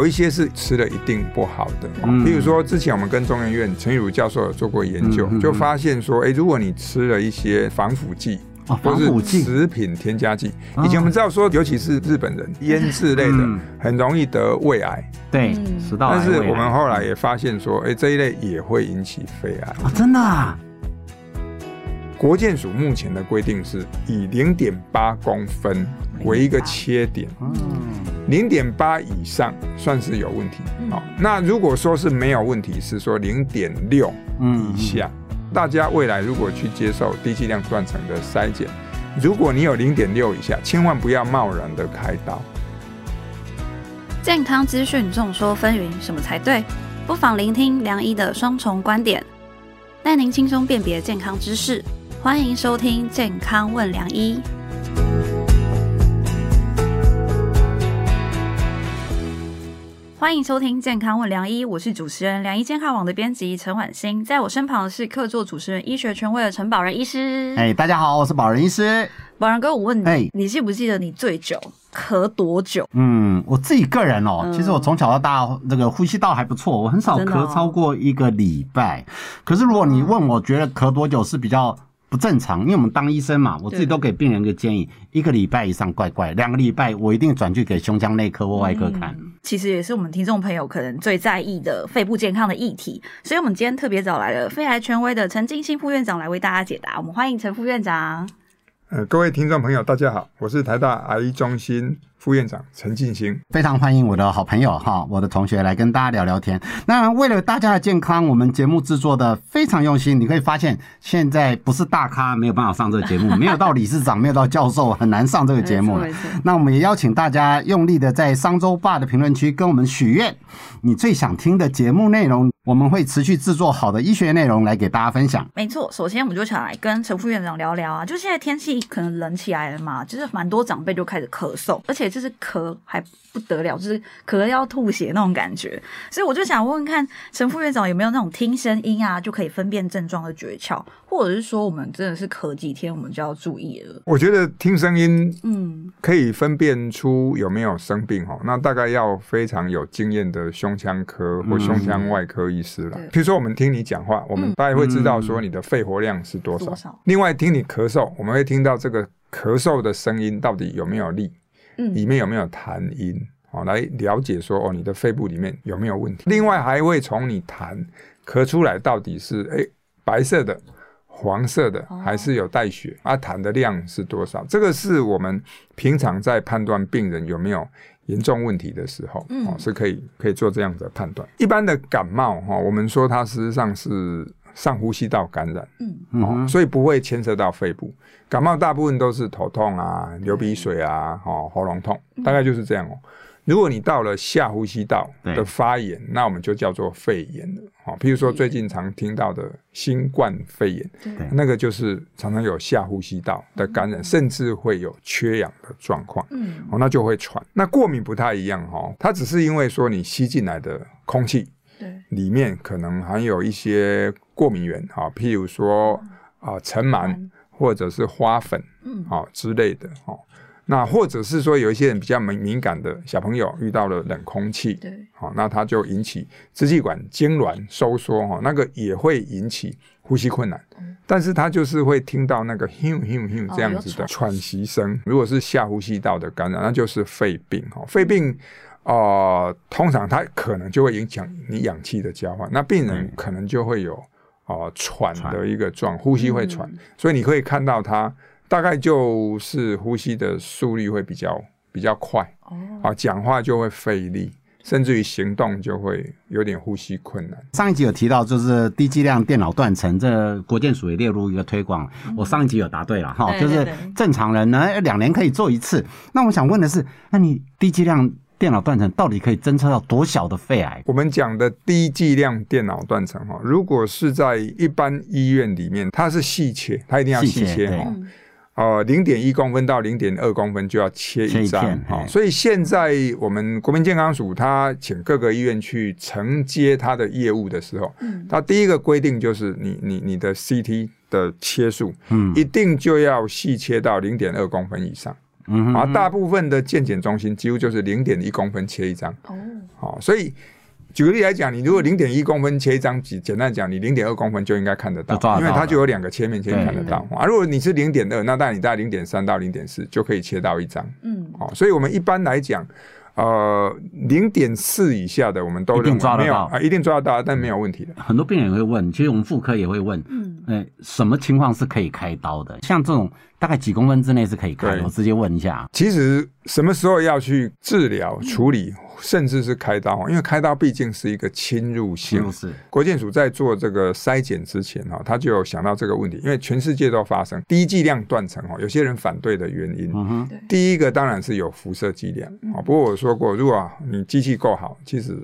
有一些是吃了一定不好的，比如說之前我們跟中研院陳宇茹教授有做過研究，就發現說，哎，如果你吃了一些防腐劑啊、哦，防腐劑、食品添加劑，以前我們知道說，尤其是日本人、嗯、醃製類的，很容易得胃癌，對，食道癌、胃癌，但是我們後來也發現說，哎，這一類也會引起肺癌、哦、真的、啊。國健署目前的規定是以零點八公分為一個切點，零點八以上算是有問題。嗯、那如果說是沒有問題，是說零點六以下，嗯嗯。大家未來如果去接受低劑量斷層的篩檢，如果你有零點六以下，千萬不要貿然的開刀。健康資訊眾說紛紜，什麼才對？不妨聆聽良醫的雙重觀點，帶您輕鬆辨別健康知識。歡迎收聽《健康問良醫》。歡迎收聽《健康問良醫》，我是主持人良醫健康網的編輯陳宛欣，在我身旁的是客座主持人，醫學權威的陳保仁醫師。哎，hey, 大家好，我是保仁醫師。保仁哥，我問你，hey, 你記不記得你最久咳多久？嗯，我自己個人哦，其實我從小到大那，嗯，個呼吸道還不錯，我很少咳超過一個禮拜。哦，可是如果你問我覺得咳多久是比較不正常，因為我們當醫生嘛，我自己都給病人一個建議，對一個禮拜以上怪怪，兩個禮拜我一定轉去給胸腔內科或外科看、嗯。其實也是我們聽眾朋友可能最在意的肺部健康的議題，所以我們今天特別找來了肺癌權威的陳晉興副院長來為大家解答。我們歡迎陳副院長。呃，各位聽眾朋友，大家好，我是台大癌醫中心。副院長陳晉興，非常歡迎我的好朋友哈，我的同學來跟大家聊聊天。那為了大家的健康，我們節目制作的非常用心，你可以發現現在不是大咖沒有辦法上這個節目，沒有到理事長， 沒有到教授，很難上這個節目了。 那我們也邀請大家用力的在商周爸的評論區跟我們許願，你最想聽的節目內容。我們會持續制作好的醫學內容來給大家分享。沒錯，首先我們就想來跟陳副院長聊聊啊，就現在天氣可能冷起來了嘛，就是蠻多長輩就開始咳嗽，而且就是咳還不得了，就是咳得要吐血那種感覺。所以我就想問問看，陳副院長有沒有那種聽聲音啊就可以分辨症狀的訣竅？或者是說我們真的是咳幾天，我們就要注意了。我覺得聽聲音，嗯，可以分辨出有沒有生病、嗯、那大概要非常有經驗的胸腔科或胸腔外科醫師了。譬、嗯、如說我們聽你講話，對我們大概會知道說你的肺活量是多少。嗯嗯、多少。另外聽你咳嗽，我們會聽到這個咳嗽的聲音到底有沒有力，嗯，裡面有沒有痰音啊、哦，來了解說哦你的肺部裡面有沒有問題。另外還會從你痰咳出來到底是、欸、白色的。黃色的還是有帶血，哦、啊痰的量是多少？這個是我們平常在判斷病人有沒有嚴重問題的時候，嗯哦、是可以可以做這樣子的判斷。一般的感冒哈、哦，我們說它實際上是上呼吸道感染，嗯、哦，所以不會牽涉到肺部。感冒大部分都是頭痛啊，流鼻水啊，哦、喉嚨痛，嗯、大概就是這樣哦。如果你到了下呼吸道的發炎，嗯、那我們就叫做肺炎了。譬如說最近常聽到的新冠肺炎，嗯、那個就是常常有下呼吸道的感染，嗯、甚至會有缺氧的狀況。嗯、哦，那就會喘。那過敏不太一樣，哈，它只是因為說你吸進來的空氣，對裡面可能含有一些過敏原，哈，譬如說啊塵蟎或者是花粉，哦、嗯，啊之類的，哈。那或者是說有一些人比較敏敏感的小朋友遇到了冷空氣，對，好、哦，那他就引起支氣管痙攣收縮哈、哦，那個也會引起呼吸困難，對但是他就是會聽到那個哼哼哼這樣子的喘息聲。如果是下呼吸道的感染，那就是肺病哈、哦，肺病啊、呃，通常它可能就會影響你氧氣的交換，那病人可能就會有啊、嗯呃、喘的一個狀，呼吸會喘，嗯、所以你可以看到他。大概就是呼吸的速率會比較比較快哦，啊，講話就會費力，甚至於行動就會有點呼吸困難。上一集有提到，就是低劑量電腦斷層，這國健署也列入一個推廣。嗯、我上一集有答對了哈、嗯，就是正常人呢兩年可以做一次。嗯、那我想問的是，那你低劑量電腦斷層到底可以偵測到多小的肺癌？我們講的低劑量電腦斷層哈，如果是在一般醫院裡面，它是細切，它一定要細切哈。呃，零點一公分到零點二公分就要切一張哈切片，哦，所以現在我們國民健康署它請各個醫院去承接它的業務的時候，它、嗯、第一個規定就是你你你的 CT 的切數，嗯，一定就要細切到零點二公分以上，而、嗯嗯、大部分的健檢中心幾乎就是零點一公分切一張，嗯、哦，好，所以。舉個例來講，你如果零點一公分切一張，簡簡單講，你零點二公分就應該看得到，因為它就有兩個切面，可以看得到啊。如果你是零點二，那當然你大概在零點三到零點四就可以切到一張，嗯，哦，所以我們一般來講，呃，零點四以下的我們都認為沒有啊，一定抓得到，但沒有問題的。很多病人也會問，其實我們婦科也會問。什麼情況是可以開刀的？像這種大概幾公分之內是可以開，對我直接問一下。其實什麼時候要去治療、嗯、處理，甚至是開刀？因為開刀畢竟是一個侵入性。就、嗯、是。國建署在做這個篩檢之前哈，他就有想到這個問題，因為全世界都發生低劑量斷層哈，有些人反對的原因。嗯、哼第一個當然是有輻射劑量啊，不過我說過，如果你機器夠好，其實。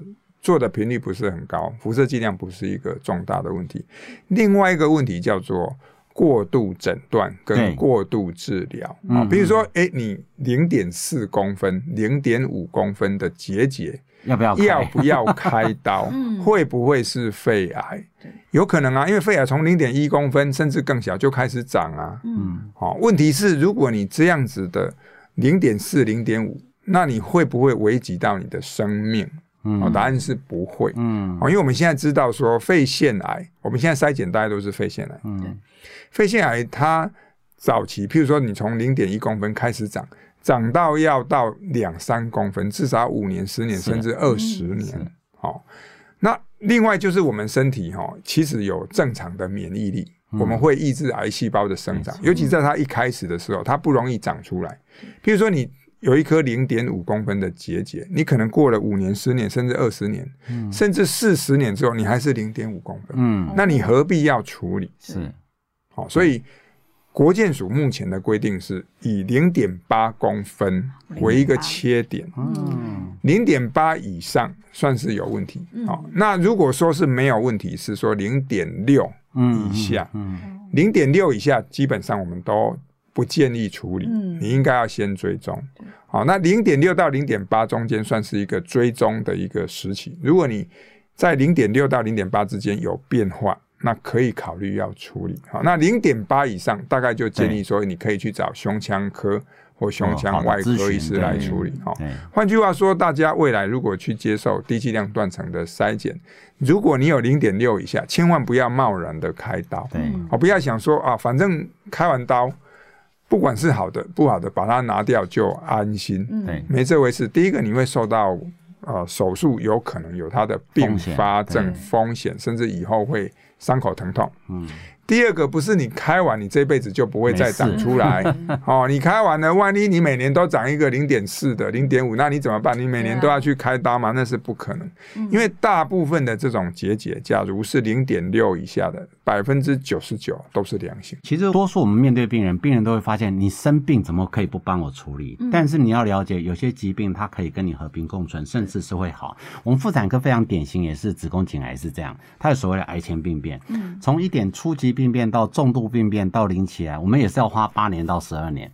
做的頻率不是很高，輻射劑量不是一個重大的問題。另外一個問題叫做過度診斷跟過度治療。對比如說，嗯哼欸、你零點四公分、零點五公分的結節，要不要要不要開刀？ 會不會是肺癌？對有可能啊，因為肺癌從零點一公分甚至更小就開始長啊。嗯，好，問題是如果你這樣子的零點四、零點五，那你會不會危及到你的生命？哦，答案是不會。嗯，哦、嗯，因為我們現在知道說肺腺癌，我們現在篩檢，大家都是肺腺癌。嗯，肺腺癌它早期，譬如說你從零點一公分開始長，長到要到兩三公分，至少五年、十年，甚至二十年。嗯、哦，那另外就是我們身體、哦、其實有正常的免疫力，我們會抑制癌細胞的生長，嗯、尤其在它一開始的時候，它不容易長出來。嗯、譬如說你。有一顆零點五公分的結節，你可能過了五年、十年，甚至二十年，嗯、甚至四十年之後，你還是零點五公分，嗯、那你何必要處理？是，好、哦，所以國健署目前的規定是以零點八公分為一個切點，嗯，零點八以上算是有問題，好、嗯哦，那如果說是沒有問題，是說零點六以下，嗯哼哼哼，零點六以下基本上我們都。不建議處理，你應該要先追蹤。好，那零點六到零點八中間算是一個追蹤的一個時期。如果你在零點六到零點八之間有變化，那可以考慮要處理。好，那零點八以上大概就建議說，你可以去找胸腔科或胸腔外科醫師來處理。好，換句話說，大家未來如果去接受低劑量斷層的篩檢，如果你有零點六以下，千萬不要貿然的開刀。對，不要想說啊，反正開完刀。不管是好的不好的，把它拿掉就安心。嗯、沒這回事。第一個，你會受到呃手術有可能有它的併發症風險，甚至以後會傷口疼痛。嗯。第二個不是你開完，你這輩子就不會再長出來沒事 哦。你開完了，萬一你每年都長一個零點四的、零點五，那你怎麼辦？你每年都要去開刀嗎？那是不可能，因為大部分的這種結節，假如是零點六以下的，百分之九十九都是良性。其實多數我們面對病人，病人都會發現，你生病怎麼可以不幫我處理？嗯、但是你要了解，有些疾病它可以跟你和平共存，甚至是會好。我們婦產科非常典型，也是子宮頸癌是這樣，它有所謂的癌前病變，從一點初級。病變到重度病變，到零期癌，我們也是要花八年到十二年。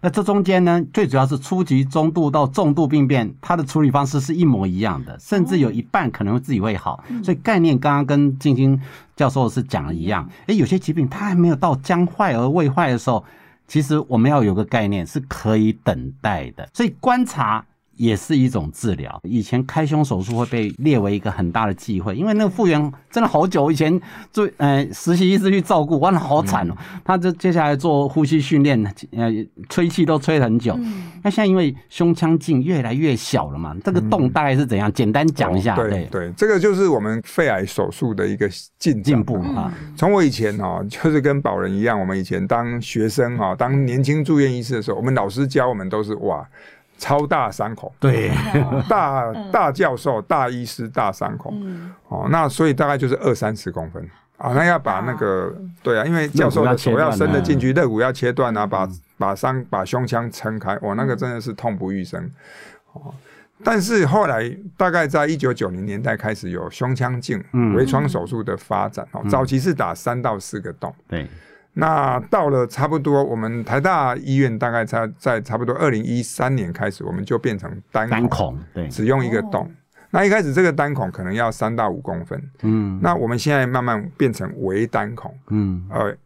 那這中間呢，最主要是初級、中度到重度病變，它的處理方式是一模一樣的，甚至有一半可能自己會好。所以概念剛剛跟晉興教授是講了一樣。哎、欸，有些疾病它還沒有到將壞而未壞的時候，其實我們要有個概念是可以等待的。所以觀察。也是一種治療。以前開胸手術會被列為一個很大的忌諱，因為那個復原真的好久。以前做呃實習醫師去照顧，哇好慘，喔，好慘哦。他這接下來做呼吸訓練，呃，吹氣都吹了很久。那，嗯、現在因為胸腔鏡越來越小了嘛，這個洞大概是怎樣？嗯、簡單講一下。對對，對，對，這個就是我們肺癌手術的一個進進步啊。從、啊、我以前哈，就是跟保仁一樣，我們以前當學生哈，當年輕住院醫師的時候，我們老師教我們都是哇。超大傷口，對， 大大教授、大醫師、大傷口，嗯、哦，那所以大概就是二三十公分啊，那要把那個，啊對啊，因為教授的手要伸得進去，肋骨要切斷啊，把把傷、把胸腔撐開，我那個真的是痛不欲生，哦、但是後來大概在一九九零年代開始有胸腔鏡微創手術的發展、嗯、哦，早期是打三到四個洞。嗯、對。那到了差不多，我們台大醫院大概在在差不多二零一三年開始，我們就變成單孔，單孔，對，只用一個洞。哦、那一開始這個單孔可能要三到五公分，嗯，那我們現在慢慢變成微單孔，嗯，呃，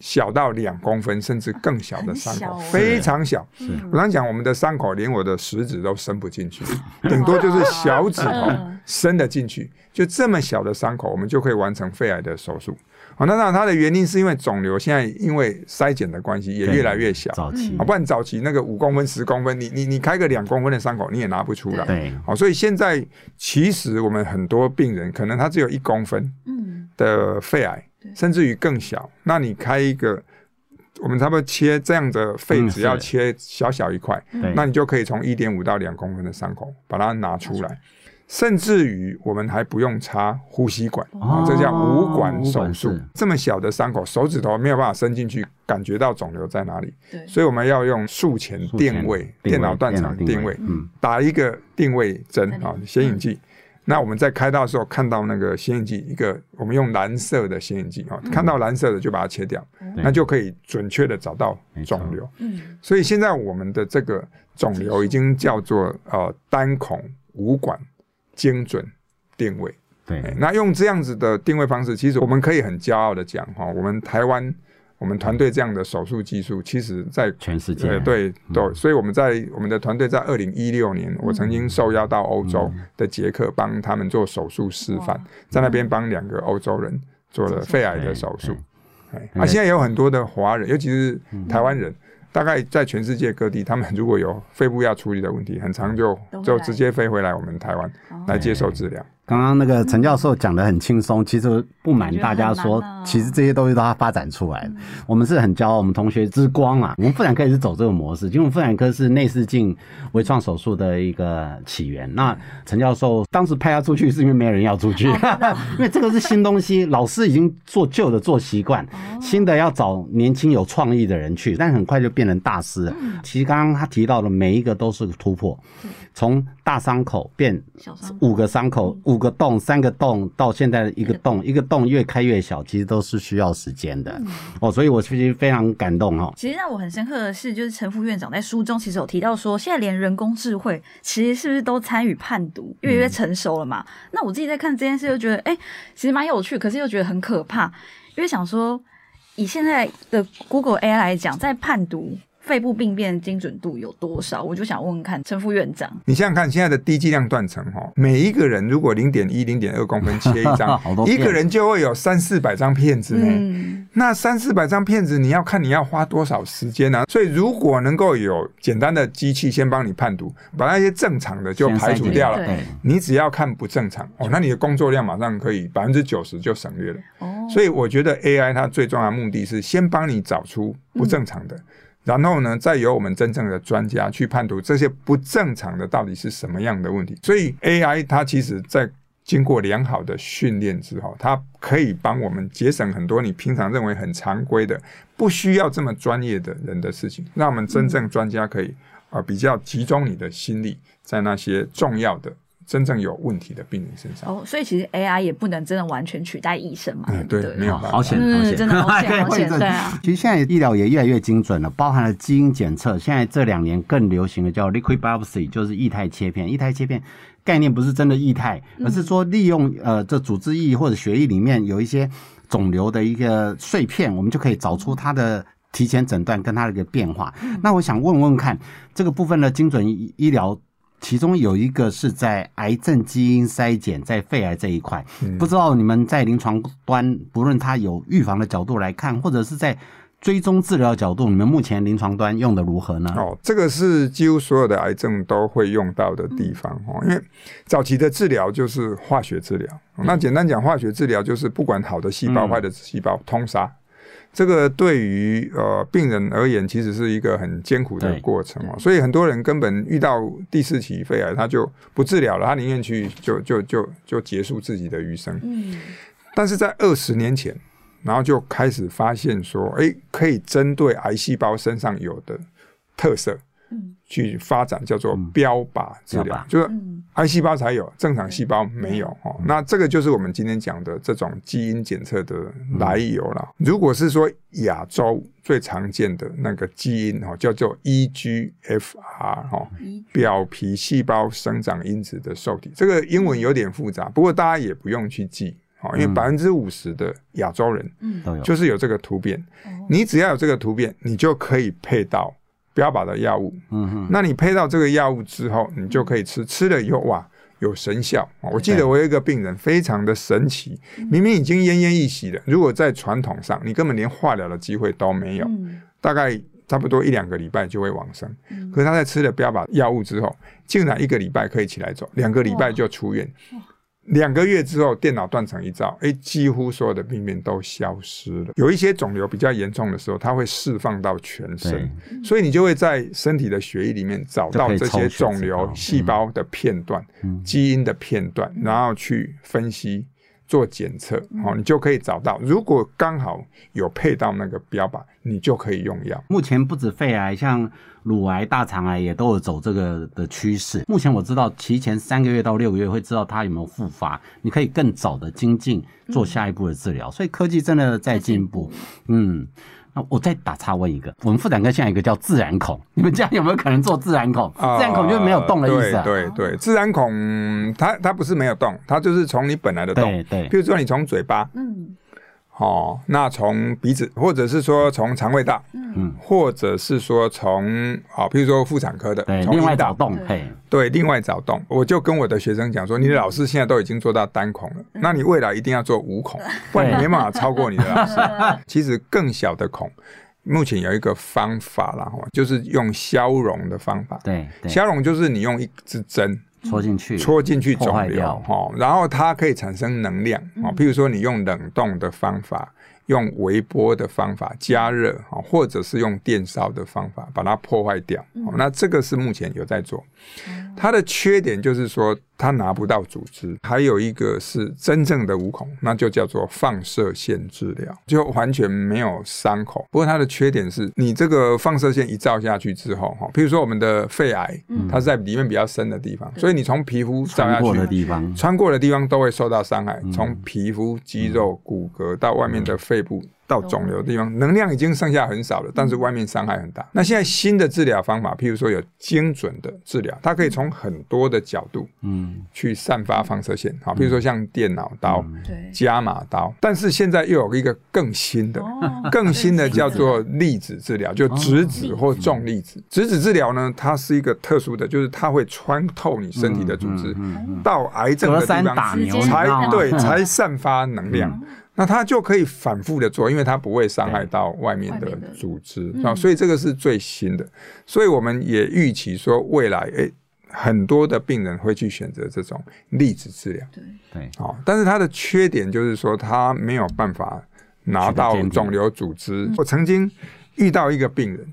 小到兩公分甚至更小的傷口，嗯、非常小。是我剛才講，我們的傷口連我的食指都伸不進去，頂、嗯、多就是小指頭伸得進去，哦、就這麼小的傷口，我們就可以完成肺癌的手術。好，那那它的原因是因為腫瘤現在因為篩檢的關係也越來越小，早期，不然早期那個五公分、十公分，你你你開個兩公分的傷口你也拿不出來。對所以現在其實我們很多病人可能他只有一公分的肺癌，對甚至於更小，那你開一個，我們差不多切這樣的肺，只要切小小一塊，那你就可以從一點五到兩公分的傷口把它拿出來。甚至於我們還不用插呼吸管，這叫無管手術。這麼小的傷口，手指頭沒有辦法伸進去，感覺到腫瘤在哪裡。所以我們要用術前定位，電腦斷層定位，打一個定位針啊，顯影劑。那我們在開刀的時候看到那個顯影劑一個，我們用藍色的顯影劑啊，看到藍色的就把它切掉，那就可以準確的找到腫瘤。所以現在我們的這個腫瘤已經叫做呃單孔無管。精準定位，對，那用這樣子的定位方式，其實我們可以很驕傲的講哈，我們台灣我們團隊這樣的手術技術，其實在全世界、啊對，對、嗯、對，所以我們在我們的團隊在二零一六年，嗯、我曾經受邀到歐洲的捷克幫他們做手術示範，嗯、在那邊幫兩個歐洲人做了肺癌的手術，嗯嗯、啊，現在有很多的華人，尤其是台灣人。嗯嗯大概在全世界各地，他們如果有肺部要處理的問題，很常就就直接飛回來我們台灣來接受治療。剛剛那個陳教授講得很輕鬆，嗯、其實不瞞大家說，哦、其實這些東西都他發展出來的。嗯、我們是很驕傲，我們同學之光啊！我們婦產科也是走這個模式，因為婦產科是內視鏡微創手術的一個起源。那陳教授當時派他出去，是因為沒有人要出去，因為這個是新東西， 老師已經做舊的做習慣，新的要找年輕有創意的人去，但很快就變成大師了、嗯、其實剛剛他提到的每一個都是個突破，嗯、從大傷口變五個傷口五。五個洞，三個洞，到現在一個洞，嗯、一個洞越開越小，其實都是需要時間的哦。嗯 oh, 所以我其實非常感動哈。嗯、其實讓我很深刻的是，就是陳副院長在書中其實有提到說，現在連人工智慧其實是不是都參與判讀，越來越成熟了嘛。嗯、那我自己在看這件事，就覺得哎、欸，其實蠻有趣，可是又覺得很可怕，因為想說以現在的 Google AI 來講，在判讀。肺部病變精準度有多少？我就想問問看陳副院長，你想想看現在的低劑量斷層哈，每一個人如果零點一、零點二公分切一張， 一個人就會有三四百張片子。嗯、那三四百張片子你要看，你要花多少時間呢、啊？所以如果能夠有簡單的機器先幫你判讀，把那些正常的就排除掉了，你只要看不正常對哦，那你的工作量馬上可以百分之九十就省略了。哦，所以我覺得 AI 它最重要的目的是先幫你找出不正常的。嗯然後呢，再由我們真正的專家去判讀這些不正常的到底是什麼樣的問題。所以 AI 它其實在經過良好的訓練之後，它可以幫我們節省很多你平常認為很常規的、不需要這麼專業的人的事情，讓我們真正專家可以啊、呃、比較集中你的心力在那些重要的，真正有問題的病人身上哦，所以其實 AI 也不能真的完全取代醫生嘛。嗯、對，對沒有、哦，好險，嗯、好險，真的好險，好險，對 其實現在醫療也越來越精準了，包含了基因檢測。現在這兩年更流行的叫 liquid biopsy，就是液態切片。嗯、液態切片概念不是真的液態，而是說利用呃這組織液或者血液裡面有一些腫瘤的一個碎片，嗯、我們就可以找出它的提前診斷跟它的一個變化。嗯、那我想問問看這個部分的精準醫療。其中有一個是在癌症基因篩檢，在肺癌這一塊，不知道你們在臨床端，不論它有預防的角度來看，或者是在追蹤治療的角度，你們目前臨床端用的如何呢？哦，這個是幾乎所有的癌症都會用到的地方哦，因為早期的治療就是化學治療。那簡單講，化學治療就是不管好的細胞、壞的細胞，通殺。這個對於呃病人而言，其實是一個很艱苦的過程對所以很多人根本遇到第四期肺癌，他就不治療了，他寧願去就就就就結束自己的餘生。嗯，但是在二十年前，然後就開始發現說，哎、欸，可以針對癌細胞身上有的特色。嗯，去發展叫做標靶治療，嗯、就是癌細胞才有，嗯、正常細胞沒有，嗯、那這個就是我們今天講的這種基因檢測的來由了。嗯、如果是說亞洲最常見的那個基因叫做 EGFR 哈、嗯，表皮細胞生長因子的受體，這個英文有點複雜，不過大家也不用去記，因為百分之五十的亞洲人就是有這個突變，嗯、你只要有這個突變，你就可以配到。標靶的藥物，嗯、哼那你配到這個藥物之後，你就可以吃，吃了以後哇，有神效。我記得我有一個病人對非常的神奇，明明已經奄奄一息了，如果在傳統上，你根本連化療的機會都沒有，大概差不多一兩個禮拜就會往生。嗯、可是他在吃了標靶藥物之後，竟然一個禮拜可以起來走，兩個禮拜就出院。兩個月之後，電腦斷層一照，哎，幾乎所有的病變都消失了。有一些腫瘤比較嚴重的時候，它會釋放到全身，對所以你就會在身體的血液裡面找到這些腫瘤細胞的片段、基因的片段，然後去分析。做檢測好，你就可以找到。如果剛好有配到那個標靶，你就可以用藥。目前不止肺癌，像乳癌、大腸癌也都有走這個的趨勢。目前我知道，提前三個月到六個月會知道它有沒有復發，你可以更早的精進做下一步的治療。嗯、所以科技真的在進步，嗯。我再打岔問一個，我們婦產科現在一個叫自然孔，你們家有沒有可能做自然孔？呃、自然孔就沒有洞的意思、啊、對對,對，自然孔它它不是沒有洞，它就是從你本來的洞。對對,對，比如說你從嘴巴。嗯哦，那從鼻子，或者是說從腸胃道，嗯，或者是說從啊，哦、譬如說婦產科的，另外找洞，對，另外找洞對。我就跟我的學生講說，你的老師現在都已經做到單孔了，嗯、那你未來一定要做五孔，嗯、不然你沒辦法超過你的老師。對其實更小的孔，目前有一個方法啦，就是用消融的方法。對，對消融就是你用一支針。戳進去，戳進去，腫瘤哈，然後它可以產生能量啊。譬如說，你用冷凍的方法，嗯、用微波的方法加熱哈，或者是用電燒的方法把它破壞掉。嗯、那這個是目前有在做，它的缺點就是說。它拿不到組織，還有一個是真正的無孔，那就叫做放射線治療，就完全沒有傷口。不過它的缺點是，你這個放射線一照下去之後，哈，譬如說我們的肺癌，它是在裡面比較深的地方，所以你從皮膚照下去，穿過的地方，穿過的地方都會受到傷害，從皮膚、肌肉、骨骼到外面的肺部。到腫瘤的地方，能量已經剩下很少了，但是外面傷害很大。那現在新的治療方法，譬如說有精準的治療，它可以從很多的角度，嗯，去散发放射線。好，比如說像電腦刀、伽馬刀，但是現在又有一個更新的，更新的叫做粒子治療，就質子或重粒子。質子治療呢，它是一個特殊的，就是它會穿透你身體的組織，到癌症的地方才對，才散发能量。那他就可以反復的做，因為他不會傷害到外面的組織的啊，所以這個是最新的。嗯、所以我們也預期說，未來誒、欸，很多的病人會去選擇這種粒子治療。對對、哦，但是他的缺點就是說，他沒有辦法拿到腫瘤組織。我曾經遇到一個病人，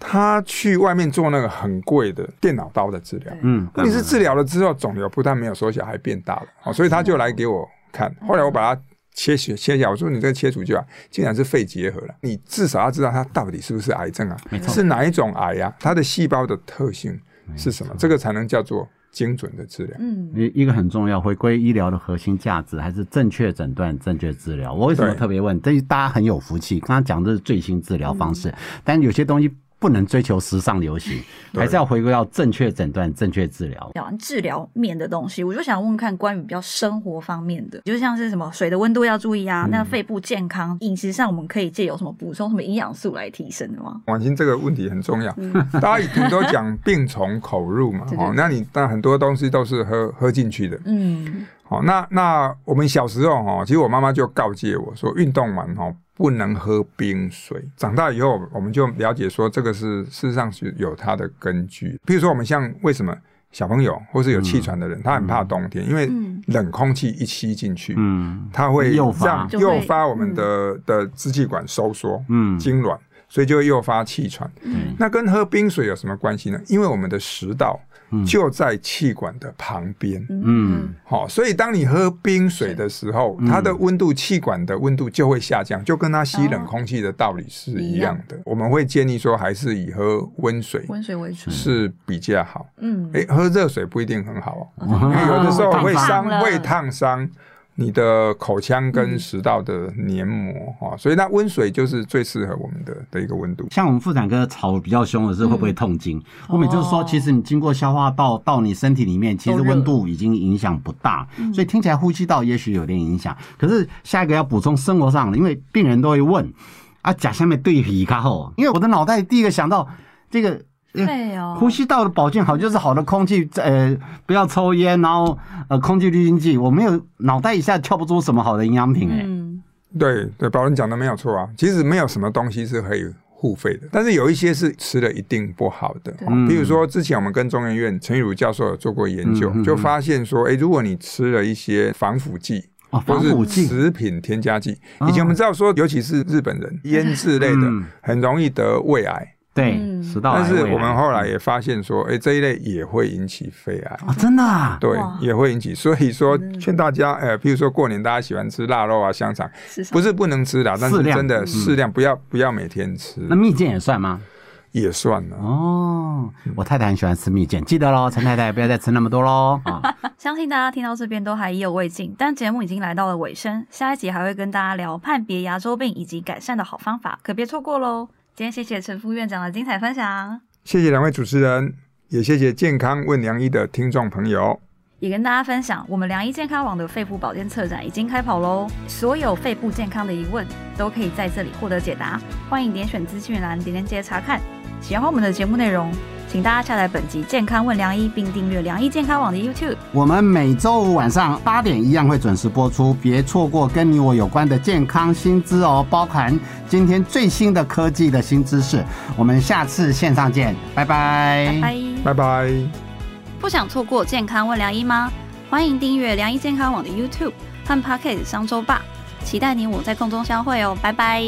他去外面做那個很貴的電腦刀的治療，嗯，那你是治療了之後，腫、嗯、瘤不但沒有縮小，還變大了、哦，所以他就來給我看。嗯、後來我把他。切血切下我說你這個切除掉竟然是肺結核了，你至少要知道它到底是不是癌症啊？沒錯，是哪一種癌呀、啊？它的細胞的特性是什麼？沒錯，這個才能叫做精準的治療。嗯，一個很重要，回歸醫療的核心價值還是正確診斷、正確治療。我為什麼特別問？這對，大家很有福氣，剛剛講的是最新治療方式，嗯、但有些東西。不能追求時尚流行，還是要回歸到正確診斷、正確治療。講完治療面的東西，我就想問問看關於比較生活方面的，就像是什麼水的溫度要注意啊，那個肺部健康、飲食上我們可以借由什麼補充什麼營養素來提升的嗎？宛欣，這個問題很重要， 大家以前都講病從口入嘛，哦， 那你那很多東西都是喝喝進去的，嗯，好，那那我們小時候哈，其實我媽媽就告誡我說，運動完哈。不能喝冰水。長大以後，我們就了解說，這個是事實上是有它的根據。比如說，我們像為什麼小朋友或是有氣喘的人，他很怕冬天，嗯、因為冷空氣一吸進去，嗯、他會，會這樣誘發我們的會的支氣管收縮、痙攣、嗯。痙攣。所以就會誘發氣喘，嗯，那跟喝冰水有什麼關係呢？因為我們的食道就在氣管的旁邊，嗯，好、哦，所以當你喝冰水的時候，嗯、它的溫度，氣管的溫度就會下降，嗯、就跟它吸冷空氣的道理是一樣的。哦、我們會建議說，還是以喝溫水，溫水為主是比較好。嗯，欸、喝熱水不一定很好，因為有的時候會傷胃燙傷。你的口腔跟食道的黏膜，嗯、啊，所以那溫水就是最適合我們的的一個溫度。像我們婦產科吵比較凶的時候，會不會痛經？嗯、我們就是說，其實你經過消化道到你身體裡面，其實溫度已經影響不大。熱所以聽起來呼吸道也許有點影響。嗯、可是下一個要補充生活上的，因為病人都會問啊，吃什麼對皮比較好，因為我的腦袋第一個想到這個。對哦、欸，呼吸道的保健好就是好的空氣，呃，不要抽煙，然後呃，空氣濾菌器。我沒有腦袋一下跳不出什麼好的營養品哎、嗯。對對，保仁講的沒有錯啊。其實沒有什麼東西是可以互費的，但是有一些是吃了一定不好的。對比如說，之前我們跟中研院陳玉如教授有做過研究，嗯嗯嗯、就發現說，哎、欸，如果你吃了一些防腐劑啊、哦，防腐劑、食品添加劑，嗯、以前我們知道說，尤其是日本人、嗯、醃製類的，很容易得胃癌。對嗯對，但是我們後來也發現說，哎，這一類也會引起肺癌啊，真的啊？對，也會引起。所以說，勸大家，呃，譬如說過年大家喜歡吃臘肉啊、香腸，不是不能吃的，但是真的適量，不要不要每天吃。那蜜餞也算嗎？也算哦。我太太很喜歡吃蜜餞，記得嘍，陳太太不要再吃那麼多嘍。相信大家聽到這邊都還意猶未盡，但節目已經來到了尾聲，下一集還會跟大家聊判別牙周病以及改善的好方法，可別錯過嘍。今天謝謝陳副院長的精彩分享，謝謝兩位主持人，也謝謝健康問良醫的聽眾朋友。也跟大家分享，我們良醫健康網的肺部保健策展已經開跑嘍，所有肺部健康的疑問都可以在這裡獲得解答，歡迎點選資訊欄，點鏈接查看。喜歡我們的節目內容，請大家下載本集《健康問良醫》，並訂閱良醫健康網的 YouTube。我們每周五晚上八點一樣會準時播出，別錯過跟你我有關的健康新知哦，包含今天最新的科技的新知識。我們下次線上見，拜拜，拜拜拜拜。不想錯過《健康問良醫》嗎？歡迎訂閱良醫健康網的 YouTube 和 Podcast 商周吧，期待你我在空中相會哦，拜拜。